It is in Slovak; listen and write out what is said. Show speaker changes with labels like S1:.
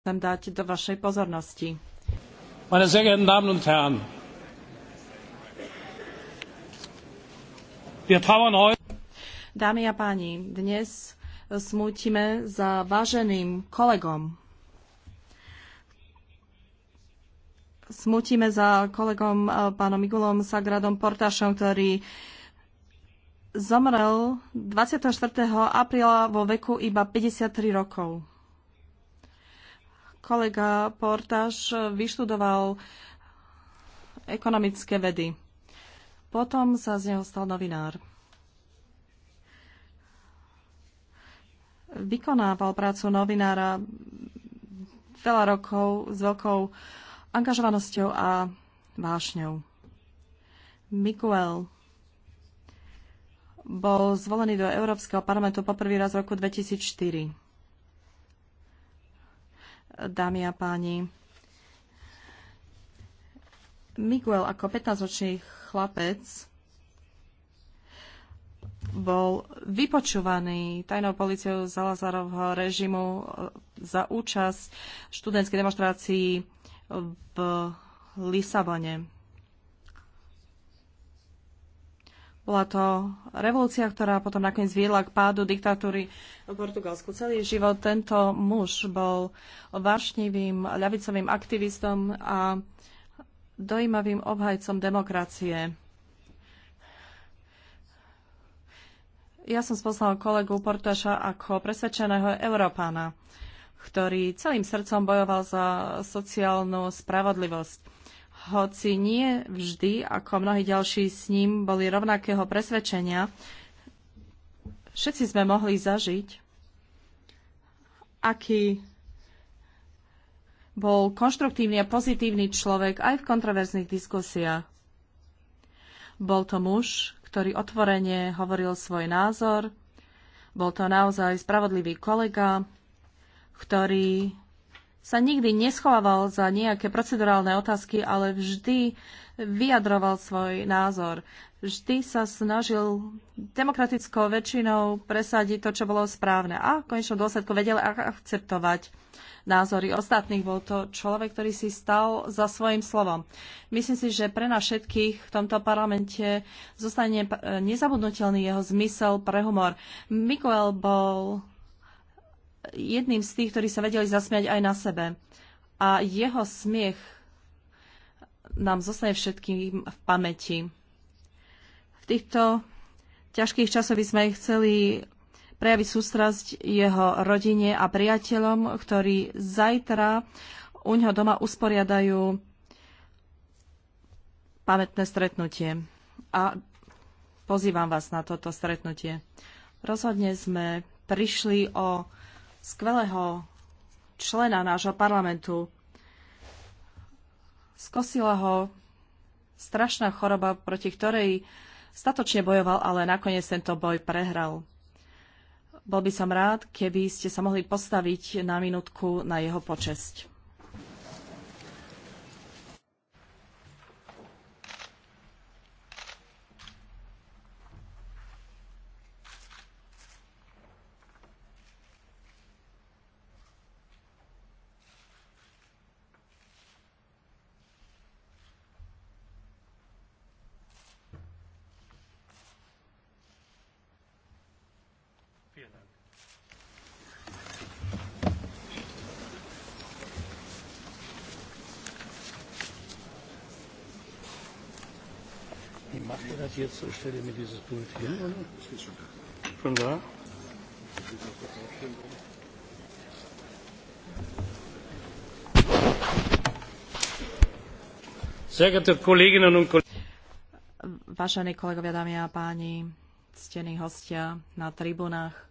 S1: chcem dať do vašej pozornosti. Meine sehr geehrten Damen und Herren, wir trauern heute. Dámy a páni, dnes smútime za váženým kolegom. Smútime za kolegom eh, pánom Igulom Sagradom Portašom, ktorý zomrel 24. apríla vo veku iba 53 rokov. Kolega Portáš vyštudoval ekonomické vedy. Potom sa z neho stal novinár. Vykonával prácu novinára veľa rokov s veľkou angažovanosťou a vášňou. Mikuel bol zvolený do Európskeho parlamentu poprvý raz v roku 2004 dámy a páni. Miguel ako 15-ročný chlapec bol vypočúvaný tajnou policiou Zalazarovho režimu za účasť študentskej demonstrácii v Lisabone. Bola to revolúcia, ktorá potom nakoniec viedla k pádu diktatúry v Portugalsku. Celý život tento muž bol vášnivým ľavicovým aktivistom a dojímavým obhajcom demokracie. Ja som spoznal kolegu Portaša ako presvedčeného Európana, ktorý celým srdcom bojoval za sociálnu spravodlivosť hoci nie vždy, ako mnohí ďalší s ním, boli rovnakého presvedčenia, všetci sme mohli zažiť, aký bol konštruktívny a pozitívny človek aj v kontroverzných diskusiách. Bol to muž, ktorý otvorene hovoril svoj názor, bol to naozaj spravodlivý kolega, ktorý sa nikdy neschovával za nejaké procedurálne otázky, ale vždy vyjadroval svoj názor. Vždy sa snažil demokratickou väčšinou presadiť to, čo bolo správne a v konečnom dôsledku vedel akceptovať názory ostatných. Bol to človek, ktorý si stal za svojim slovom. Myslím si, že pre nás všetkých v tomto parlamente zostane nezabudnutelný jeho zmysel pre humor. Mikuel bol jedným z tých, ktorí sa vedeli zasmiať aj na sebe. A jeho smiech nám zostane všetkým v pamäti. V týchto ťažkých časoch by sme chceli prejaviť sústrasť jeho rodine a priateľom, ktorí zajtra u ňoho doma usporiadajú pamätné stretnutie. A pozývam vás na toto stretnutie. Rozhodne sme prišli o skvelého člena nášho parlamentu. Skosila ho strašná choroba, proti ktorej statočne bojoval, ale nakoniec tento boj prehral. Bol by som rád, keby ste sa mohli postaviť na minútku na jeho počesť. Vielen Dank. Wie macht ihr das jetzt? Ich stelle mir dieses Pult hin, oder? Ich bin schon da. Schon da? Sehr geehrte Kolleginnen und Kollegen. Vážení kolegovia, dámy a páni, ctení hostia na tribunách.